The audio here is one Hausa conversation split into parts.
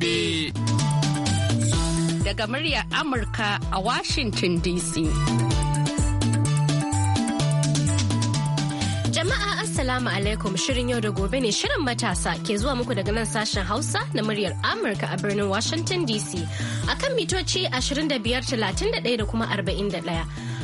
gobe. Daga muryar Amurka a Washington DC. Jama'a Assalamu alaikum shirin yau da gobe ne shirin matasa ke zuwa muku daga nan sashen Hausa na muryar Amurka a birnin Washington DC akan mitoci 25, 31 da kuma 41.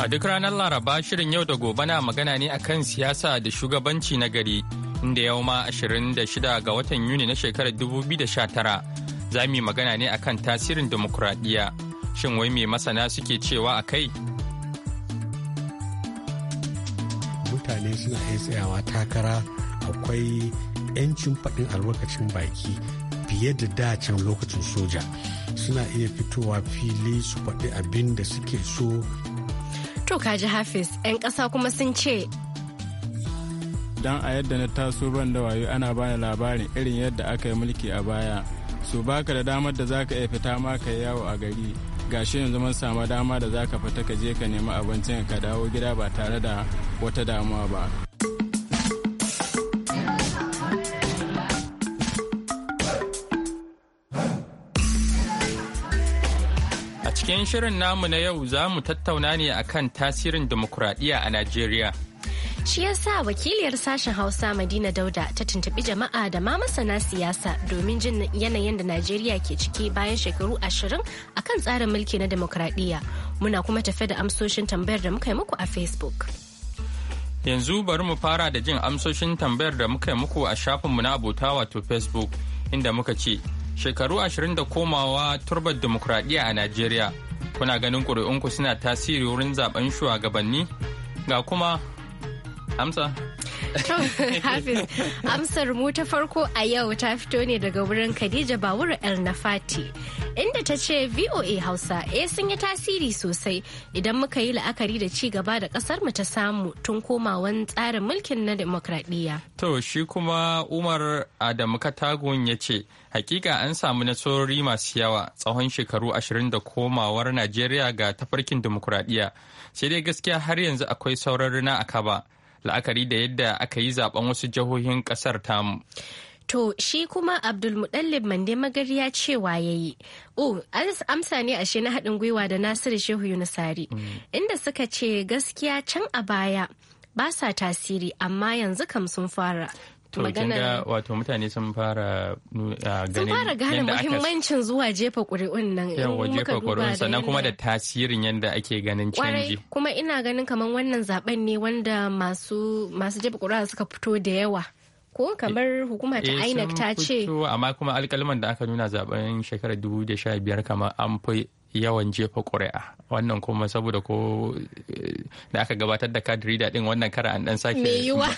A duk ranar Laraba shirin yau da gobe na magana ne akan siyasa da shugabanci na gari inda yau ma 26 ga watan Yuni na shekarar 2019 za mu magana ne akan tasirin demokuraɗiyya. Shin wai mai masana suke cewa akai. kai? Mutane suna iya tsayawa takara akwai 'yancin faɗin albarkacin baki fiye da dacen lokacin soja. Suna iya fitowa fili su faɗi abin da suke so To kaji Hafiz, 'yan ƙasa kuma sun ce. Dan a yadda na taso ban da wayo ana bani labarin irin yadda aka yi mulki a baya. su baka da damar da zaka iya fita ma ka yi yawo a gari. gashi yanzu mun samu dama da za ka fita ka je ka nemi abincin ka dawo gida ba tare da wata damuwa ba. cikin shirin namu na yau za mu tattauna ne akan tasirin demokuraɗiyya a Najeriya. Shi ya sa wakiliyar sashen Hausa Madina Dauda ta tuntuɓi jama'a da ma masana siyasa domin jin yanayin da Najeriya ke ciki bayan shekaru ashirin akan tsarin mulki na demokuraɗiyya. Muna kuma tafe da amsoshin tambayar da muka yi muku a Facebook. Yanzu bari mu fara da jin amsoshin tambayar da muka yi muku a shafinmu na abota wato Facebook inda muka ce shekaru ashirin da komawa turbar demokuraɗiyya a Najeriya. Kuna ganin ƙuri'unku suna tasiri wurin zaben shugabanni? Ga kuma Amsa? Hafiz, amsar mu ta farko a yau ta fito ne daga wurin Khadija bawur El Nafati. Inda ta ce VOA Hausa eh sun yi tasiri sosai idan muka yi la'akari da ci gaba da kasar mu ta samu tun komawan tsarin mulkin na demokradiyya. To shi kuma Umar Adamu Katagun ya ce hakika an samu nasarori masu yawa tsawon shekaru ashirin da komawar Najeriya ga tafarkin demokradiyya. Sai dai gaskiya har yanzu akwai sauran rina a la'akari da yadda aka yi zaben wasu jihohin kasar tamu. To shi kuma Abdulmuɗallib Mande Magari ya ce wa ya yi. O, amsa ne ashe na haɗin gwiwa da Nasiru Shehu Yunusari, mm. inda suka ce gaskiya can a baya ba sa tasiri amma yanzu kam sun fara. to magana wato mutane sun fara ah, ganin fara gane muhimmancin zuwa jefa ƙuri'un nan yawa jefa ƙuri'un sannan kuma da tasirin yadda ake ganin canji kuma ina ganin kamar wannan zaben ne wanda masu masu jefa ƙuri'un suka fito da yawa ko kamar eh, hukuma ta eh, INEC ta ce amma kuma alƙalman da aka nuna zaben shekarar 2015 kamar an fi yawan jefa ƙuri'a wannan kuma saboda ko eh, da aka gabatar da kadiri da din wannan kara an dan sake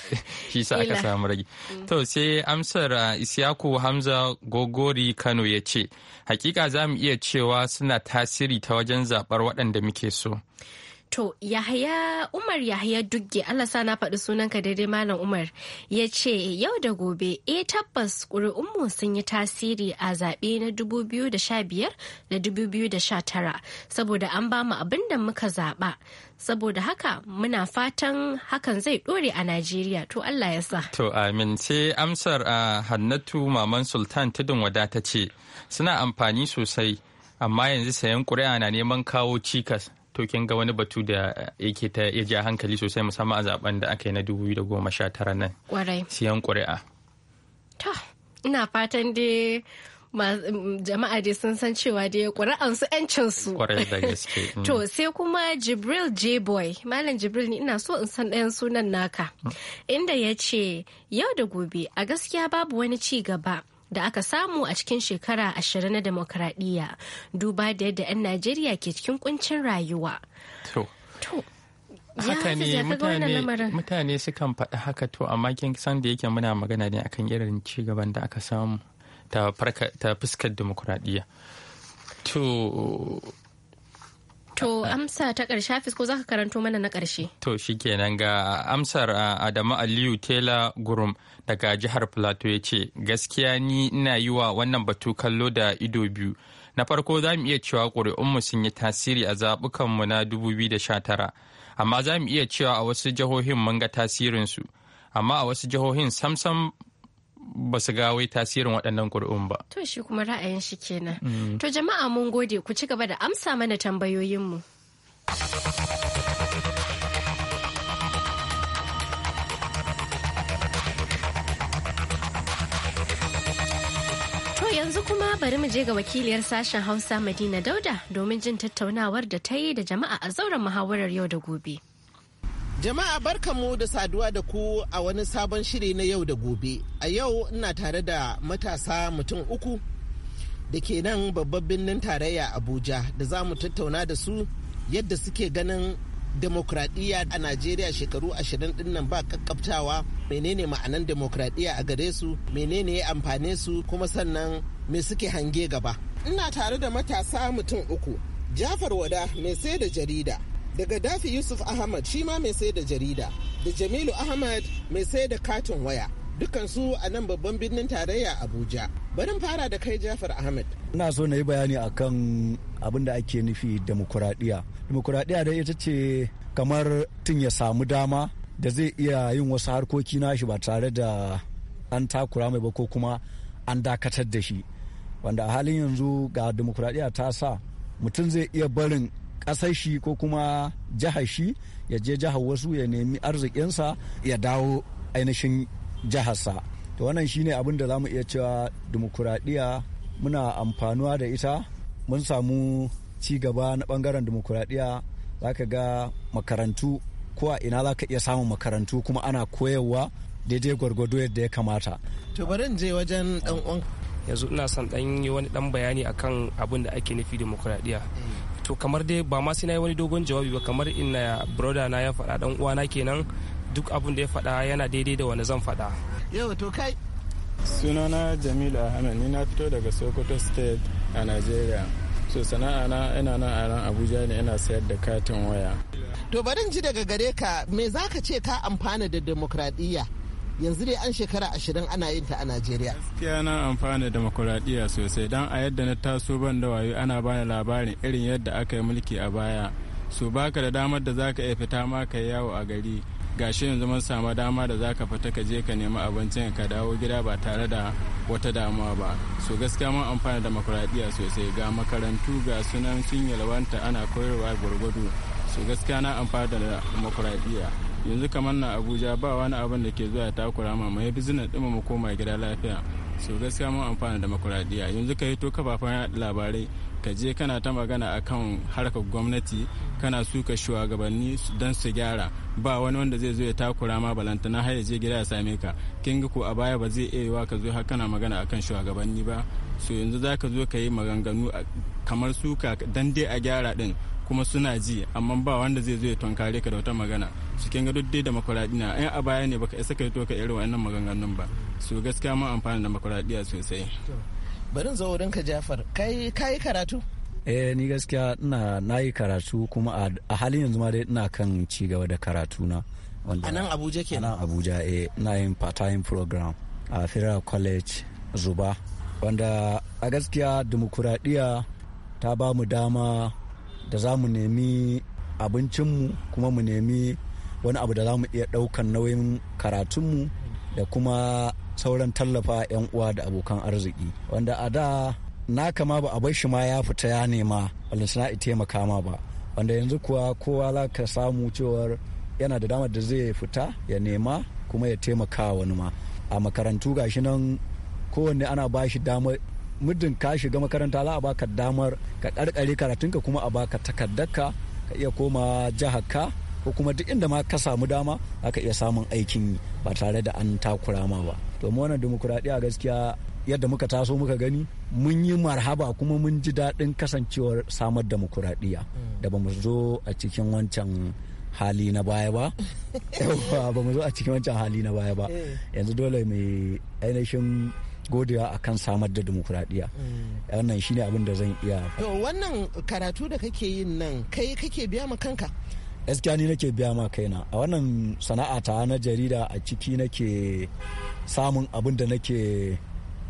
shi sa aka samu rage mm. to sai amsar uh, isyaku hamza gogori kano ya ce hakika za mu iya cewa suna tasiri ta wajen zaɓar waɗanda muke so To Yahaya Umar Yahaya Dugge Allah sa na faɗi sunanka daidai Malam Umar ya ce yau da gobe Eh tabbas mu sun yi tasiri a zaɓe na 2015 da 2019 saboda an ba mu abin da muka zaɓa. Saboda haka muna fatan hakan zai ɗore a Najeriya to Allah ya sa. To amin sai amsar a Hannatu Maman Sultan Tudun wadata ce suna amfani sosai amma yanzu sayan ƙuri'a na neman kawo cikas to kin ga wani batu da eh, yake ta ya ji hankali sosai musamman a zaben da aka yi na 2019 nan. Kwarai. Siyan ƙuri'a. To, ina fatan dai jama'a da sun san cewa dai ƙuri'ansu 'yancinsu. Ƙwarai da gaske. Mm. To sai kuma Jibril J Boy, Malam Jibril ni ina so in san ɗayan sunan naka. Mm. Inda ya ce yau da gobe a gaskiya babu wani ci gaba da aka samu a cikin shekara ashirin na demokradiyya duba da yadda 'yan najeriya ke cikin kuncin rayuwa haka ne mutane sukan faɗi haka to amma kin san da yake muna magana ne akan irin ci gaban da aka samu ta fuskar demokradiyya to To amsa ta ƙarshe Hafiz ko zaka karanto mana na ƙarshe. To shikenan ga amsar Adamu Aliyu Tela Gurum daga jihar Plateau ya ce gaskiya ni ina yi wa wannan batu kallo da ido biyu. Na farko za mu iya cewa ƙuri'unmu sun yi tasiri a zaɓukanmu na da 2019 amma za mu iya cewa a wasu jihohin mun ga tasirinsu amma a wasu jihohin samsam ba su ga wai tasirin waɗannan ƙuri'un ba. To shi kuma ra'ayin shi kenan. Mm. To jama'a mun gode ku ci gaba da amsa mana tambayoyin tambayoyinmu. yanzu kuma bari mu je ga wakiliyar sashen hausa madina dauda domin jin tattaunawar da ta yi da jama'a a zauren muhawarar yau da gobe. Jama'a barkanmu da saduwa da ku a wani sabon shiri na yau da gobe. A yau ina tare da matasa mutum uku da ke nan babban birnin tarayya Abuja da za mu tattauna da su yadda suke ganin demokradiyya a Najeriya shekaru ashirin din nan ba kakkaftawa menene ma'anan demokradiyya a gare su menene ya amfane su kuma sannan me suke hange gaba. Ina tare da matasa mutum uku. Jafar Wada mai sai da jarida. daga dafi yusuf ahmad shi ma mai sai da jarida da jamilu ahmad mai sai da katin waya dukansu a nan babban birnin tarayya abuja barin fara da kai jafar ahmad ina so na yi bayani akan abin da ake nufi demokuraɗiyya demokuraɗiyya dai ita ce kamar tun ya samu dama da zai iya yin wasu harkoki nashi ba tare da an takura mai ba ko kuma an dakatar da shi wanda a halin yanzu ga demokuraɗiyya ta sa mutum zai iya barin ƙasar shi ko kuma jihar shi ya je jihar wasu ya nemi arzikinsa ya dawo ainihin jiharsa to wannan shine abin da za mu iya cewa dimokuraɗiyya muna amfanuwa da ita mun samu ci gaba na bangaren dimokuraɗiyya za ka ga makarantu ko a ina za ka iya samun makarantu kuma ana koyarwa daidai gwargwado yadda ya kamata to bari je wajen dan uwan. yanzu ina son dan yi wani dan bayani akan abin da ake nufi demokuraɗiyya to kamar dai ba ma sai yi wani dogon jawabi ba kamar inna broda na ya faɗa dan uwana kenan duk abin da ya faɗa yana daidai da wani zan faɗa yau to kai sunana jamilu ahmed ni na fito daga sokoto state a nigeria so sana'a na ina nan a ran abuja ne ina sayar da katin waya to barin ji daga gare ka me zaka ce ka amfana da demokradiyya yanzu dai an shekara ashirin ana yin ta a najeriya gaskiya na amfana da makuraɗiya sosai don a yadda na taso ban da wayo ana bani labarin irin yadda aka yi mulki a baya su baka da damar da zaka iya fita ma ka yawo a gari gashi yanzu mun samu dama da zaka fita ka je ka nemi abincin ka dawo gida ba tare da wata damuwa ba so gaskiya mun amfana da makuraɗiya sosai ga makarantu ga sunan sun yalwanta ana koyarwa gwargwado so gaskiya na amfana da makuraɗiya yanzu kamar na abuja ba wani abin da ke zuwa ya takura ma mai bizina ɗin mu koma gida lafiya so gaskiya mun amfana da makuraɗiya yanzu ka hito kafafen yaɗa labarai ka je kana ta magana akan harkar gwamnati kana suka shugabanni don su gyara ba wani wanda zai zo ya takura ma balantana har ya je gida ya same ka kin ga ko a baya ba zai iya yiwa ka zo har kana magana akan shugabanni ba so yanzu za ka zo ka yi maganganu kamar suka dan dai a gyara din kuma suna ji amma ba wanda zai zo ya tunkare ka da wata magana su kin ga dai da makwaradiya ai a baya ne baka isa ka to ka irin wannan maganganun ba su gaskiya mun amfana da makwaradiya sosai barin zo wurin ka Jafar kai kai karatu eh ni gaskiya ina nayi karatu kuma a halin yanzu ma dai ina kan ci gaba da karatu na a nan Abuja ke nan Abuja eh ina yin part-time program a Federal College Zuba wanda a gaskiya dimokuraɗiyya ta ba mu dama da za mu nemi abincinmu kuma mu nemi wani abu da za mu iya ɗaukan nauyin karatunmu da kuma sauran tallafa 'yan uwa da abokan arziki wanda a da na kama ba a bar shi ma ya fita ya nema ita ya taimaka ba wanda yanzu kuwa kowa za ka samu cewar yana da damar da zai fita ya nema kuma ya taimaka wani ma a makarantu gashi nan kowanne ana bashi shi damar muddin ka shiga makaranta za a baka damar ka karkare karatun ka kuma a baka takardarka ka iya koma jihar ka ko kuma duk inda ma ka samu dama aka iya samun aikin yi ba tare da an takura ma ba to wannan demokuraɗiyya gaskiya yadda muka taso muka gani mun yi marhaba kuma mun ji daɗin kasancewar samar demokuraɗiyya da ba mu zo a cikin wancan hali na baya ba ba mu zo a cikin wancan hali na baya ba eh. yanzu dole mai ainihin godewa akan samar da demokuraɗiyya mm. wannan ne abin da zan iya to wannan karatu da kake yin nan kai kake biya ma kanka gaskiya ni nake biya ma kaina a wannan sana'a ta na jarida a ciki nake samun abin da nake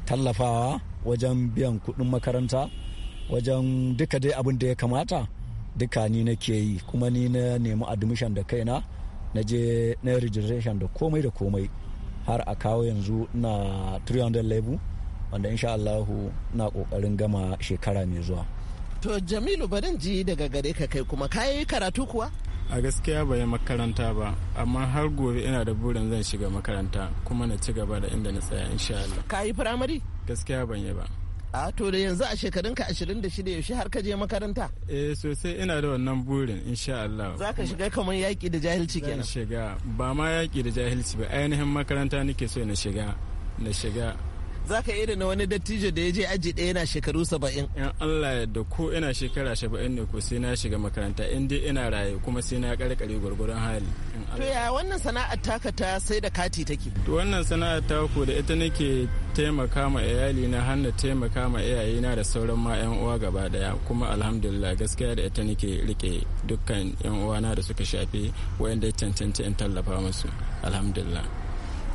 tallafawa wajen biyan kuɗin makaranta wajen duka dai abin da ya kamata duka ni nake yi kuma ni na nemi admission da kaina na je na registration da komai da komai har a kawo yanzu na 300 level wanda insha Allahu na kokarin gama shekara mai zuwa to jamilu barin ji daga gare ka kai kuma ka yi karatu kuwa a gaskiya bai makaranta ba amma har gobe ina da burin zan shiga makaranta kuma na ci gaba da inda na tsaya insha Allah yi firamare gaskiya ban yi ba a to da yanzu a shekarun ka 26 yaushe har ka je makaranta eh sosai ina da wannan burin insha Allah za ka shiga kamar yaƙi da jahilci kenan zan shiga ba ma yaƙi da jahilci ba ainihin makaranta nake so na shiga na shiga za ka iya na wani dattijo da ya je aji ɗaya yana shekaru saba'in. in Allah ya da ko ina shekara saba'in ne ko sai na shiga makaranta in dai ina raye kuma sai na karkare gwargwaron hali. to ya wannan sana'ar taka ta sai da kati take. to wannan sana'ar ta ko da ita nake taimaka ma iyali na hanna taimaka ma iyayena da sauran ma yan uwa gaba daya kuma alhamdulillah gaskiya da ita nake rike dukkan yan uwa na da suka shafe waɗanda ya cancanta in tallafa musu alhamdulillah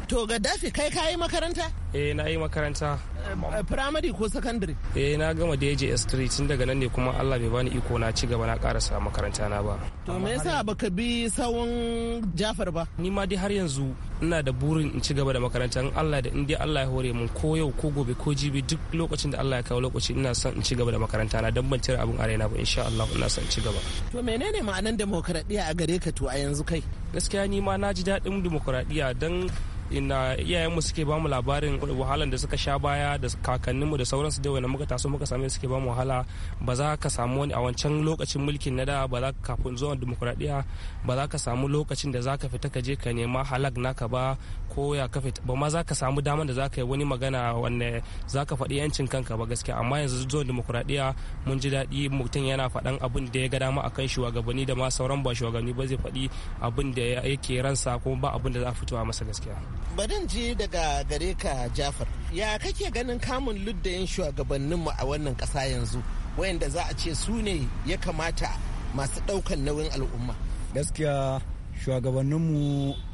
to gaddafi kai kayi makaranta eh na yi makaranta Eh, primary ko secondary eh na gama da AJS 3 tun daga nan ne kuma Allah bai bani iko na ci gaba na karasa makaranta na ba to me yasa baka bi sawun Jafar ba ni ma dai har yanzu ina da burin in ci gaba da makaranta in Allah da in Allah ya hore mun ko yau ko gobe ko jibi duk lokacin da Allah ya kawo lokaci ina son in ci gaba da makaranta na dan ban cire abun na ba insha Allah ina son in ci gaba to menene ma'anar demokradiya a gare ka to a yanzu kai gaskiya ni ma na ji daɗin demokradiya dan iyayen iyayenmu suke bamu labarin wahalan da suka sha baya da kakanninmu da sauransu da wani muka taso muka same suke ba wahala ba za ka samu wani a wancan lokacin mulkin na da ba za ka kafin zuwan demokuraɗiyya ba za ka samu lokacin da za ka fita ka je ka nema halak naka ba ko ya ka fita ba ma za ka samu damar da za ka yi wani magana wanne za ka faɗi yancin kanka ba gaskiya amma yanzu zuwan demokuraɗiyya mun ji daɗi mutum yana faɗan abin da ya ga dama akan shugabanni da ma sauran ba shugabanni ba zai faɗi abin da yake ransa kuma ba abin da za a fito masa gaskiya. barin ji daga gare ka jafar ya kake ganin kamun luddayin shugabanninmu a wannan ƙasa yanzu wayanda za a ce su ne ya kamata masu ɗaukan nauyin al'umma gaskiya shugabanninmu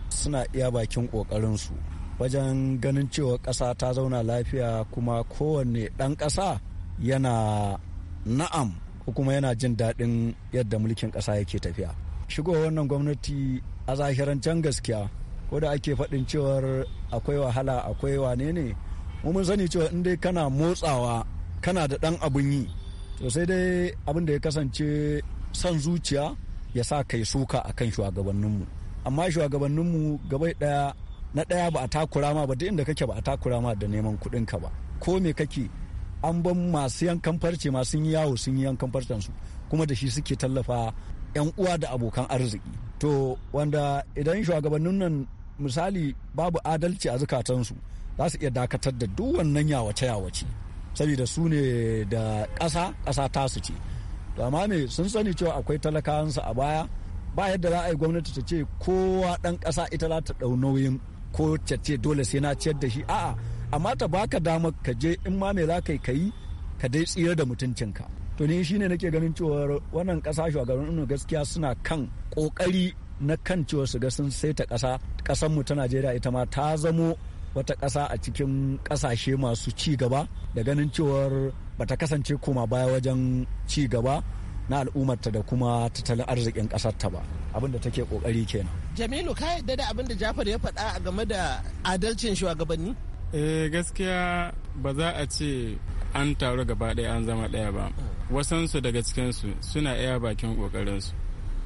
suna iya bakin ƙoƙarinsu wajen ganin cewa ƙasa ta zauna lafiya kuma kowanne ɗan ƙasa yana na'am ko kuma yana jin daɗin yadda mulkin ƙasa yake tafiya shigo wannan gwamnati a zahiran can gaskiya ko da ake faɗin cewar akwai wahala akwai wane ne mun sani cewa in dai kana motsawa kana da ɗan abun yi to sai dai abin da ya kasance son zuciya ya sa kai suka a kan shugabanninmu amma shugabanninmu gabai ɗaya na ɗaya ba a takura ma ba duk inda kake ba a takura ma da neman kuɗinka ba ko me kake an ban masu yankan farce masu yawo sun yi yankan farcensu kuma da shi suke tallafa 'yan uwa da abokan arziki to wanda idan shugabannin nan misali babu adalci a zukatansu za su iya dakatar da duk wannan yawace yawace saboda su ne da ƙasa ƙasa su ce to amma me sun sani cewa akwai talakawansu a baya ba yadda za a yi gwamnati ta ce kowa ɗan ƙasa ita za ta ɗau nauyin ko ta ce dole sai na ciyar da shi a'a amma ta baka dama ka je in ma me za ka yi ka yi ka dai tsira da mutuncinka to ni shine nake ganin cewa wannan ƙasa shugabannin gaskiya suna kan ƙoƙari na kan cewa su ga sun saita kasa ƙasar mu ta najeriya ita ma ta zamo wata ƙasa a cikin kasashe masu ci gaba da ganin cewar bata kasance koma baya wajen ci gaba na al'ummarta da kuma tattalin arzikin ta ba abinda take ƙoƙari kenan jamilu ka yadda da abin da jafar ya faɗa a game da adalcin shugabanni eh gaskiya ba za a ce an taru gaba ɗaya an zama ɗaya ba hmm. wasansu daga cikinsu suna iya bakin ƙoƙarinsu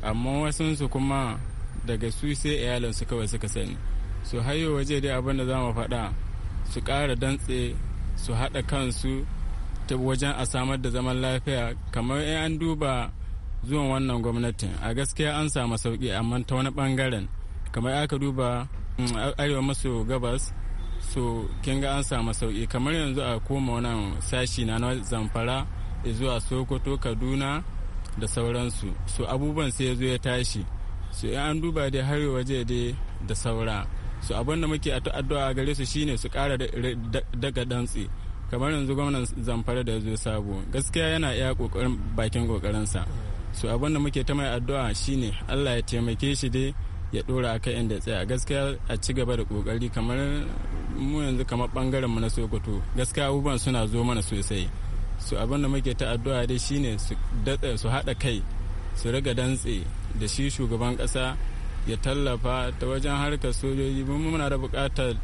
amma wasunsu kuma daga su sai iyalinsu kawai suka sani su hayo waje dai abinda da za mu faɗa su ƙara dantse su haɗa kansu ta wajen a samar da zaman lafiya kamar in an duba zuwan wannan gwamnatin a gaskiya an samu sauƙi amma ta wani ɓangaren kamar aka duba mm, arewa maso gabas so kin ga an samu sauƙi kamar yanzu a koma wannan sashi na zamfara zuwa sokoto kaduna da sauransu su abubuwan sai ya zo ya tashi su in an duba dai har waje dai da saura su abin da muke addu'a gare su shine su kara daga dantse kamar yanzu gwamnan zamfara da ya zo sabo gaskiya yana iya kokarin bakin kokarinsa su abin da muke ta mai addu'a shine allah ya taimake shi dai ya dora a kan inda tsaya gaskiya a ci gaba da kokari kamar mu yanzu kamar bangaren mu na sokoto gaskiya abubuwan suna zo mana sosai su abin da muke ta addu'a dai shine su haɗa kai su riga dantse da shi shugaban ƙasa ya tallafa ta wajen harkar sojoji mun muna da buƙatar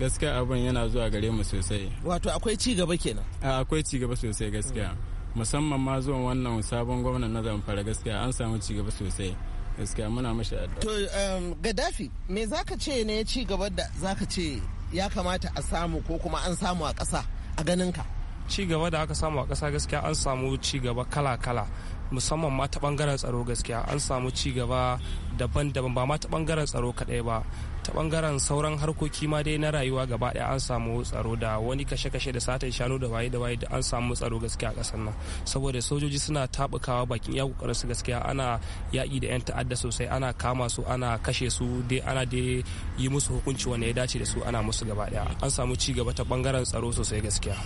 gaskiya abin yana zuwa gare mu sosai wato akwai ci gaba kenan akwai ci gaba sosai gaskiya musamman ma zuwan wannan sabon gwamnan na zamfara gaskiya an samu ci gaba sosai gaskiya muna mashi addu'a to um, gaddafi me zaka ce ne ci gaba da zaka ce ya kamata a samu ko kuma an samu a ƙasa a ganin ka ci gaba da aka samu a ƙasa gaskiya an samu ci gaba kala-kala musamman ma ta bangaren tsaro gaskiya an samu ci gaba daban-daban ba ma ta bangaren tsaro kaɗai ba ta bangaren sauran harkoki ma dai na rayuwa gaba ɗaya an samu tsaro da wani kashe-kashe da satan shanu da waye da waye da an samu tsaro gaskiya a ƙasar nan saboda sojoji suna tabukawa bakin iya kokarin su gaskiya ana yaƙi da 'yan ta'adda sosai ana kama su ana kashe su dai ana dai yi musu hukunci wanda ya dace da su ana musu gaba ɗaya an samu ci gaba ta bangaren tsaro sosai gaskiya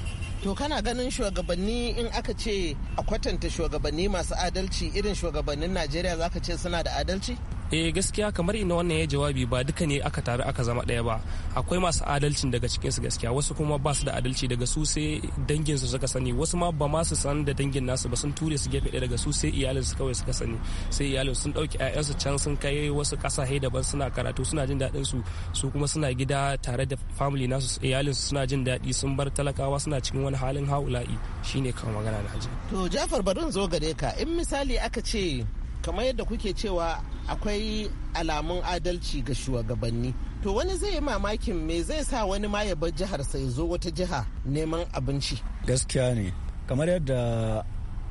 To kana ganin shugabanni in aka ce a kwatanta shugabanni masu adalci irin shugabannin Najeriya zaka ce suna da adalci? eh gaskiya kamar ina wannan ya jawabi ba duka ne aka taru aka zama ɗaya ba akwai masu adalcin daga cikin su gaskiya wasu kuma ba su da adalci daga su sai dangin su suka sani wasu ma ba ma su san da dangin nasu ba sun ture su gefe ɗaya daga su sai iyalin su kawai suka sani sai iyalin sun ɗauki ƴaƴan su can sun kai wasu ƙasashe daban suna karatu suna jin daɗin su su kuma suna gida tare da family nasu iyalin su suna jin daɗi sun bar talakawa suna cikin wani halin haula'i shine kawai magana na to Jafar don zo gare ka in misali aka ce kamar yadda kuke cewa akwai alamun adalci ga shugabanni to wani zai yi mamakin me zai sa wani ma ya bar jihar sai zo wata jiha neman abinci gaskiya ne kamar yadda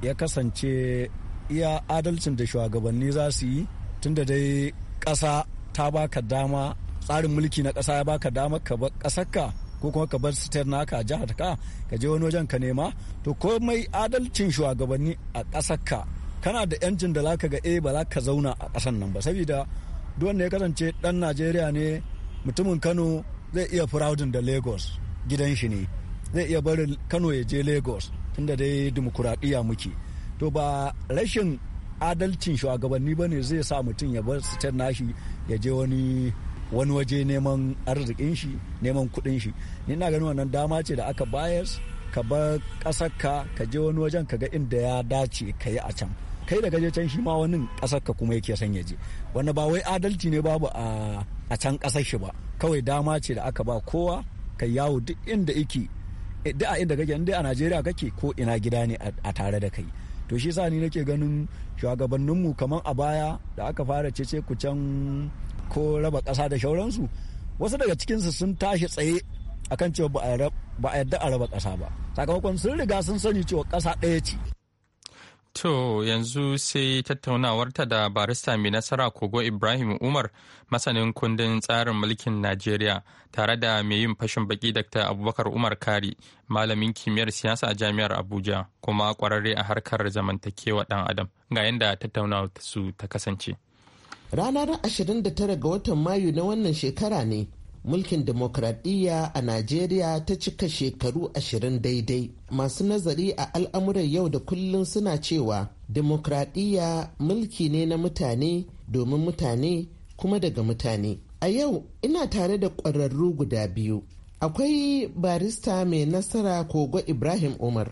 ya kasance iya adalcin da shugabanni za su yi tunda dai ƙasa ta baka dama tsarin mulki na ƙasa ya baka dama ka bar ƙasarka ko kuma ka bar sitar naka ka jihar ka ka je wani wajen ka nema to komai adalcin shugabanni a ƙasarka kana da yancin da zaka ga eh ba za ka zauna a ƙasan nan ba saboda duk ya kasance dan Najeriya ne mutumin Kano zai iya firaudin da Lagos gidan shi ne zai iya barin Kano ya je Lagos tunda dai dimokuraɗiyya muke to ba rashin adalcin shugabanni ba ne zai sa mutum ya bar sitar nashi ya je wani wani waje neman arzikin shi neman kuɗin shi ni na ganin wannan dama ce da aka bayar ka bar ƙasar ka ka je wani wajen ka ga inda ya dace ka yi a can kai da can shi ma wani kasar ka kuma yake son je wanda ba wai adalci ne babu a can kasar shi ba kawai dama ce da aka ba kowa kai yawo duk inda ike eh, duk a inda kake a Najeriya kake ko ina gida ne a tare da kai to shi sa ni nake ganin shugabanninmu kamar a baya da aka fara cece ku can ko raba ƙasa da shauransu wasu daga cikinsu sun tashi tsaye akan cewa ba a yarda a raba ƙasa ba sakamakon sun riga sun sani cewa ƙasa ɗaya ce To yanzu sai tattaunawarta da barista mai nasara kogo Ibrahim Umar masanin kundin tsarin mulkin Najeriya tare da mai yin fashin baki Dr. Abubakar Umar Kari malamin kimiyyar siyasa a jami'ar Abuja kuma kwararre a harkar zamantakewa dan Adam ga yadda tattaunawar su ta kasance. Rana 29 ga watan Mayu na wannan shekara ne mulkin demokradiyya a Najeriya ta cika shekaru ashirin daidai. Masu nazari a al'amuran yau da kullum suna cewa demokradiyya mulki ne na mutane domin mutane kuma daga mutane. A yau ina tare da ƙwararru guda biyu. Akwai barista mai nasara Kogo Ibrahim Umar.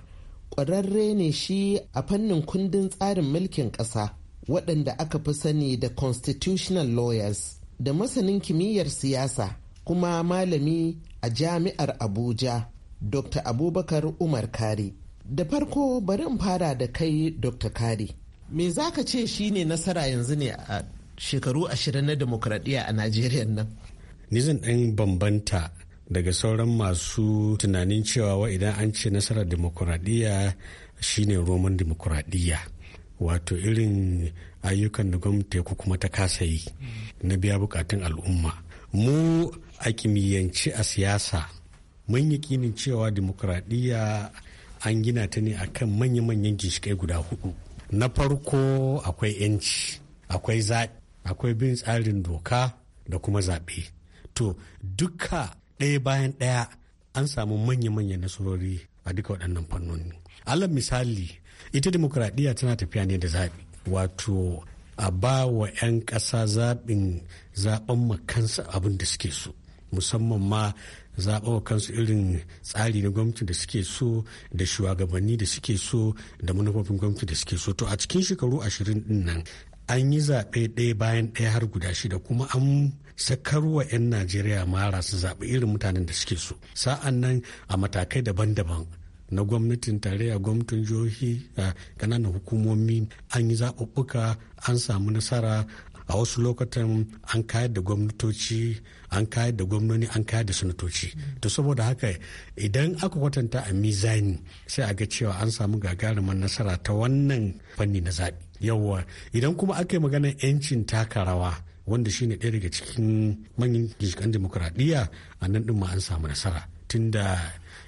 Ƙwararre ne shi a fannin kundin tsarin mulkin ƙasa, waɗanda aka fi sani da constitutional lawyers, da masanin kimiyyar siyasa. kuma malami a jami'ar Abuja, Dr. Abubakar Umar Kari. Da farko bari in fara da kai Dr. Kari. Me za ka ce shi ne nasara yanzu ne a shekaru ashirin na demokradiyya a Najeriya nan? Ni zan ɗan bambanta daga sauran masu tunanin cewa wa idan an ce nasarar shi shine roman demokuraɗiyya wato irin ayyukan da gwamnati ko kuma ta kasa yi na biya bukatun al'umma mu a kimiyyance a siyasa mun yi kinin cewa demokradiyya an gina ta ne akan manya-manyan ginshikai guda hudu na farko akwai 'yanci akwai zaɓe akwai bin tsarin doka da kuma zaɓe to duka ɗaya bayan ɗaya an samu manya-manyan nasarori a duka waɗannan fannoni alal misali ita demokradiyya tana tafiya ne da zaɓe wato a ba wa 'yan ƙasa zaɓin zaɓen makansa abin da suke so musamman ma zaɓa wa kansu irin tsari na gwamnati da suke so da shugabanni da suke so da manufofin gwamnati da suke so to a cikin shekaru ashirin din nan an yi zaɓe ɗaya bayan ɗaya har guda shida kuma an sakarwa 'yan najeriya mara su zaɓi irin mutanen da suke so sa'an nan a matakai daban-daban na gwamnatin tarayya gwamnatin jihohi a ƙananan hukumomi an yi zaɓuɓɓuka an samu nasara a wasu lokutan an kayar da gwamnatoci an kayar da gwamnoni an kayar da sanatoci to saboda haka idan aka kwatanta a mizani sai a ga cewa an samu gagarumin nasara ta wannan fanni na zaɓi yawwa idan kuma aka yi maganar 'yancin taka wanda shine ɗaya daga cikin manyan ginshiƙan demokuraɗiyya a nan ɗin ma an samu nasara tunda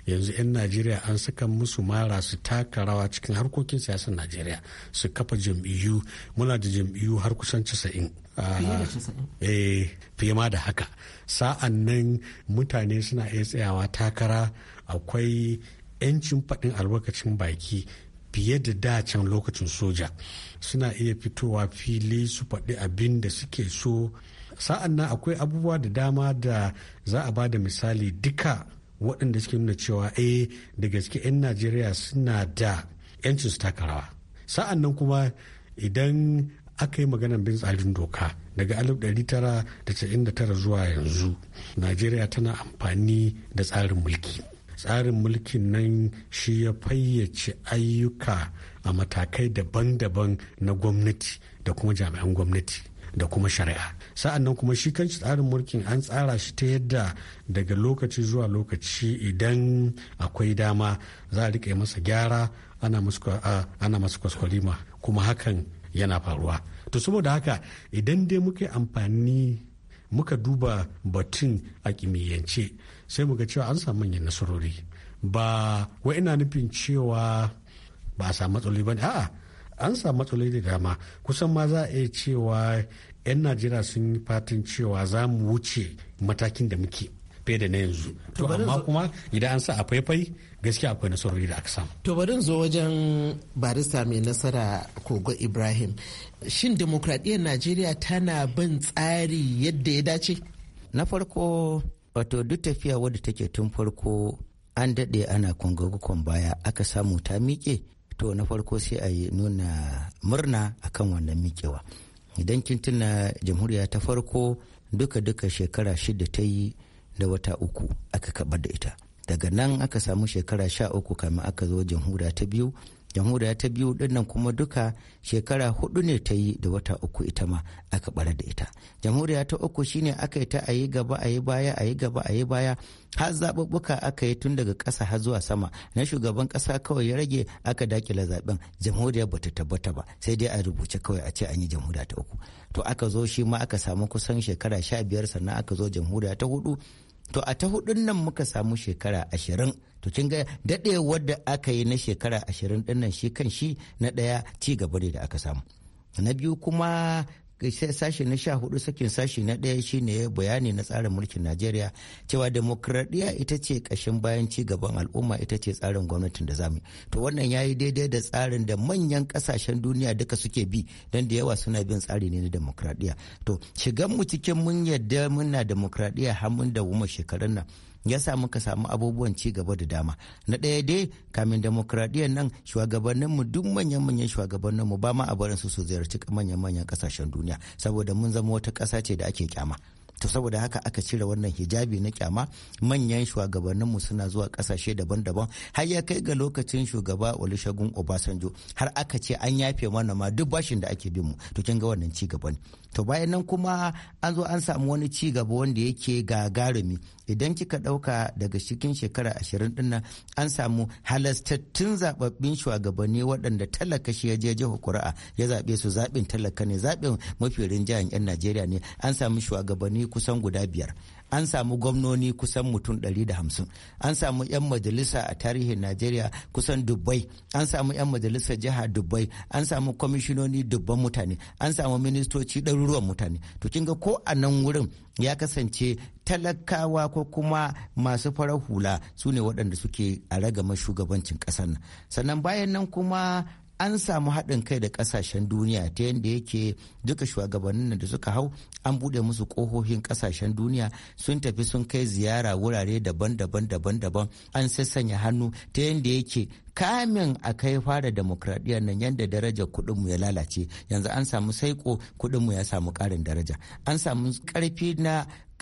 yanzu 'yan najeriya an saka musu mara su taka rawa cikin harkokin siyasar najeriya su kafa jam'iyyu muna da jam'iyyu har kusan 90 ah, eh, fiye ma da haka sa'an nan mutane suna iya tsayawa takara akwai 'yancin faɗin albarkacin baki fiye da dacen lokacin soja suna iya fitowa fili su faɗi abin da suke so sa'an nan akwai abubuwa da dama da za a ba da misali duka waɗanda suke nuna cewa eh da gaske 'yan najeriya suna da 'yancin su taka sa'an nan kuma idan aka yi maganar bin tsarin doka daga 1999 zuwa yanzu najeriya tana amfani da tsarin mulki tsarin mulkin nan shi ya fayyace ayyuka a matakai daban-daban na gwamnati da kuma jami'an gwamnati da kuma shari'a sa'an nan kuma shi kanci tsarin mulkin an tsara shi ta yadda daga lokaci zuwa lokaci idan akwai dama za a riƙe masa gyara ana masu kwaskwalima kuma hakan yana faruwa to saboda haka idan dai muka yi amfani muka duba batun a kimiyyance sai muka cewa an samu manyan nasarori ba wa ina nufin cewa ba a samu matsaloli ba a'a an samu matsaloli da dama kusan ma za a iya cewa 'yan najeriya sun yi fatan cewa za mu wuce matakin da muke fiye da na yanzu to amma kuma idan an sa a faifai gaskiya akwai nasarori da aka samu to bari zo wajen barista mai nasara kogo ibrahim shin demokradiyyar najeriya tana bin tsari yadda ya dace na farko wato duk tafiya wadda take tun farko an daɗe ana kwangagukon baya aka samu ta miƙe to na farko sai a yi nuna murna akan wannan mikewa idan kin tuna jamhuriya ta farko duka-duka shekara shida ta yi da wata uku aka kabar da ita daga nan aka samu shekara sha uku kamin aka zo jamhuriya ta biyu jamhuriya ta biyu dinnan kuma duka shekara hudu ne ta yi da wata uku ita ma aka bara da ita jamhuriya ta uku shine aka yi ta a yi gaba a yi baya a yi gaba a yi baya har zaɓuɓɓuka aka yi tun daga ƙasa har zuwa sama na shugaban ƙasa kawai ya rage aka dakila zaɓen jamhuriya ba ta tabbata ba sai dai a rubuce kawai a ce an yi jamhuriya ta uku to aka zo shi ma aka samu kusan shekara sha biyar sannan aka zo jamhuriya ta hudu to a ta hudun nan muka samu shekara ashirin to kin ga dadewar da aka yi na shekara ashirin din shi kan shi na daya ci gaba ne da aka samu na biyu kuma sashe na sha hudu sakin sashe na ɗaya shine bayani na tsarin mulkin najeriya cewa demokradiyya ita ce ƙashin bayan ci gaban al'umma ita ce tsarin gwamnatin da zamu to wannan ya yi daidai da tsarin da manyan kasashen duniya duka suke bi don da yawa suna bin tsari ne na demokradiyya to shigan mu cikin mun yadda muna demokradiyya har mun da goma shekarun nan ya sa muka samu abubuwan ci gaba da dama na ɗaya dai kamin demokradiyyar nan shugabanninmu duk manyan manyan shugabanninmu ba ma a barin su su ziyarci manyan manyan ƙasashen duniya saboda mun zama wata ƙasa ce da ake kyama to saboda haka aka cire wannan hijabi na kyama manyan shugabanninmu suna zuwa kasashe daban-daban har ya kai ga lokacin shugaba olusegun obasanjo har aka ce an yafe mana ma duk bashin da ake bin mu to kin ga wannan ci gaban to bayan nan kuma an zo an samu wani ci gaba wanda yake gagarumi idan kika dauka daga cikin shekara ashirin din an samu halastattun zababbin shugabanni waɗanda talaka shi ya je jiho kuri'a ya zaɓe su zaɓin talaka ne zaɓin mafi rinjayen 'yan najeriya ne an samu shugabanni kusan guda biyar an samu gwamnoni kusan mutum 150 an samu 'yan majalisa a tarihin najeriya kusan dubbai an samu 'yan majalisa jiha dubbai an samu kwamishinoni dubban mutane an samu ministoci ɗaruruwan mutane to kin ga ko a nan wurin ya kasance talakawa ko kuma masu farar hula su ne waɗanda suke a ragama shugabancin ƙasar nan sannan bayan nan kuma an samu haɗin kai da ƙasashen duniya ta yadda yake duka shugabannin da suka hau an buɗe musu ƙohohin ƙasashen duniya sun tafi sun kai ziyara wurare daban-daban daban-daban an sassanya hannu ta yadda yake kamin a kai fara demokradiyyar nan yadda daraja kuɗinmu ya lalace yanzu an samu saiko kuɗinmu ya samu karin daraja an samu karfi na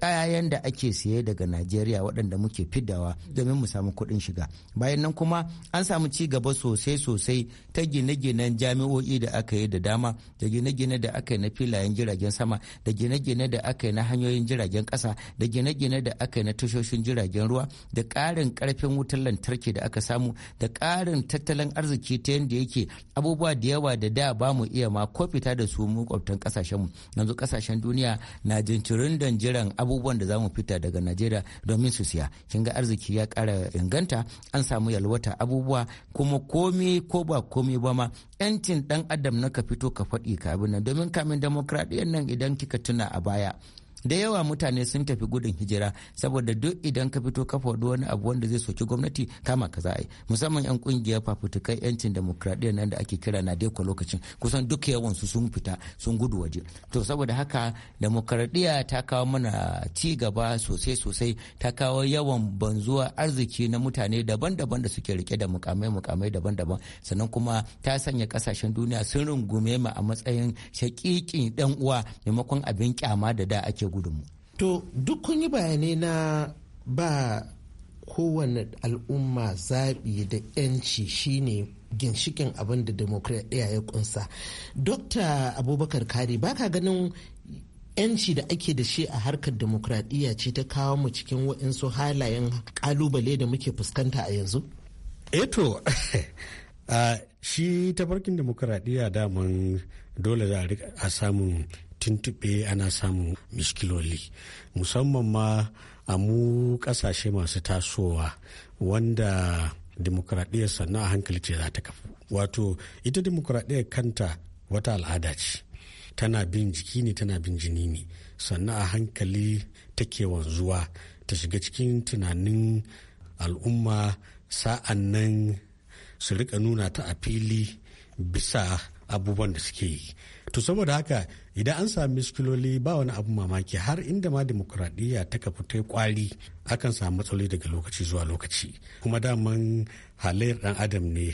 kayayen da ake siye daga najeriya waɗanda muke fidawa domin mu samu kuɗin shiga bayan nan kuma an samu ci gaba sosai sosai ta gine-ginen jami'o'i da aka yi da dama da gine-gine da aka yi na filayen jiragen sama da gine-gine da aka yi na hanyoyin jiragen ƙasa da gine-gine da aka yi na tushoshin jiragen ruwa da ƙarin ƙarfin wutar lantarki da aka samu da ƙarin tsarin tattalin arziki ta yadda yake abubuwa da yawa da da ba mu iya ma ko fita da su mu kwabtan kasashen mu yanzu kasashen duniya na jinjirin danjiran jiran abubuwan da za mu fita daga najeriya domin su siya kin ga arziki ya kara inganta an samu yalwata abubuwa kuma komi ko ba komi ba ma yancin dan adam na ka fito ka faɗi ka abin nan domin kamin demokradiyyar nan idan kika tuna a baya da yawa mutane sun tafi gudun hijira saboda duk idan ka fito ka faɗi wani abu wanda zai soki gwamnati kama ka za yi musamman yan kungiyar fafutukai yancin demokradiyya nan da ake kira na deko lokacin kusan duk yawan su sun fita sun gudu waje to saboda haka demokradiyya ta kawo mana ci gaba sosai sosai ta kawo yawan banzuwa arziki na mutane daban-daban da suke rike da mukamai mukamai daban-daban sannan kuma ta sanya kasashen duniya sun rungume mu a matsayin shakikin dan uwa maimakon abin kyama da da ake ce gudunmu. To duk kun yi bayanai na ba kowane al'umma zaɓi da 'yanci shine ginshikin abin da ɗaya ya kunsa. Dokta Abubakar Kari baka ganin yanci da ake da shi a harkar demokradiyya ce ta kawo mu cikin waɗansu halayen kalubale da muke fuskanta a yanzu? Eto, eh shi ta tafarkin demokradiyya daman dole za a samun tuntuɓe ana samun miskiloli musamman ma a mu ƙasashe masu tasowa wanda dimokuraɗiyyar sannan a hankali ce za ta kafu wato ita dimokuraɗiyyar kanta wata al'ada ce tana bin jiki ne tana bin jini ne sannan a hankali take wanzuwa ta shiga cikin tunanin al'umma sa'an nan su rika nuna ta a fili bisa abubuwan da suke yi to saboda haka idan an sami miskiloli ba wani abu mamaki har inda ma demokuraɗiyya ta kafu ta kwari akan samu matsaloli daga lokaci zuwa lokaci kuma daman halayyar dan adam ne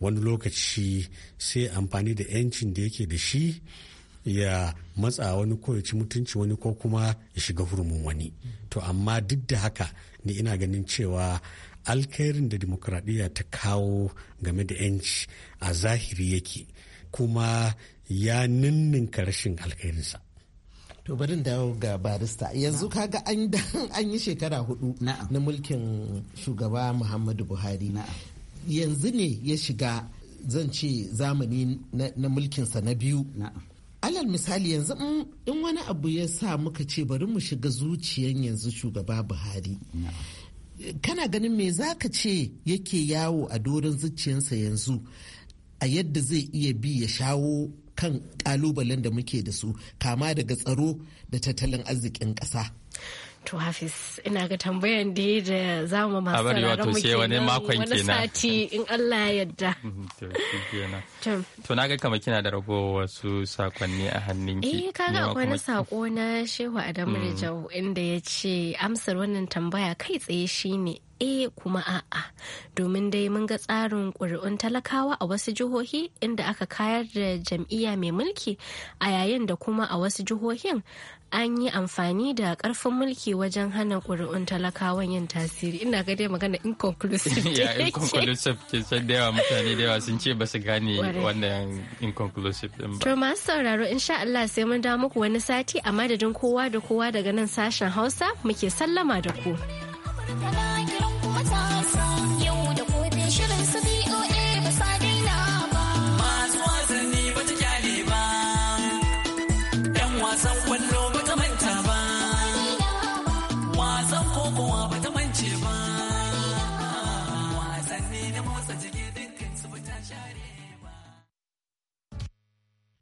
wani lokaci sai amfani da 'yancin da yake da shi ya matsa wani ko ya ci mutunci wani ko kuma ya shiga hurumin wani to amma duk da haka ni ina ganin cewa alkairin da demokuraɗiyya ta kawo game da 'yanci a zahiri yake kuma ya ninnin karshen alkhairinsa. To barin dawo ga barista yanzu kaga an yi shekara hudu na mulkin shugaba Muhammadu Buhari. Yanzu ne ya shiga zan ce zamani na mulkinsa na biyu. Alal misali yanzu in wani abu ya sa muka ce bari mu shiga zuciyan yanzu shugaba Buhari. Kana ganin me za ka ce yake yawo a doron zuciyansa yanzu a yadda zai iya bi ya shawo kan kalubalen da muke da su kama daga tsaro da tattalin arzikin ƙasa. To Hafiz ina ga tambayan da ya da za mu masu sauraron mu kenan wani sati in Allah ya yadda. To na ga kama kina da rabo wasu sakonni a hannun ki. Eh kaga akwai na sako na Shehu Adamu mm. Rijau inda ya ce amsar wannan tambaya kai tsaye shine e kuma a'a domin dai mun ga tsarin ƙuri'un talakawa a wasu jihohi inda aka kayar da jam'iyya mai mulki a yayin da kuma a wasu jihohin an yi amfani da karfin mulki wajen hana ƙuri'un talakawan yin tasiri ina ga dai magana inconclusive ya ke san da yawa mutane da yawa sun ce ba su gane wannan inconclusive din ba to masu sauraro insha Allah sai mun da muku wani sati a madadin kowa da kowa daga nan sashen Hausa muke sallama da ku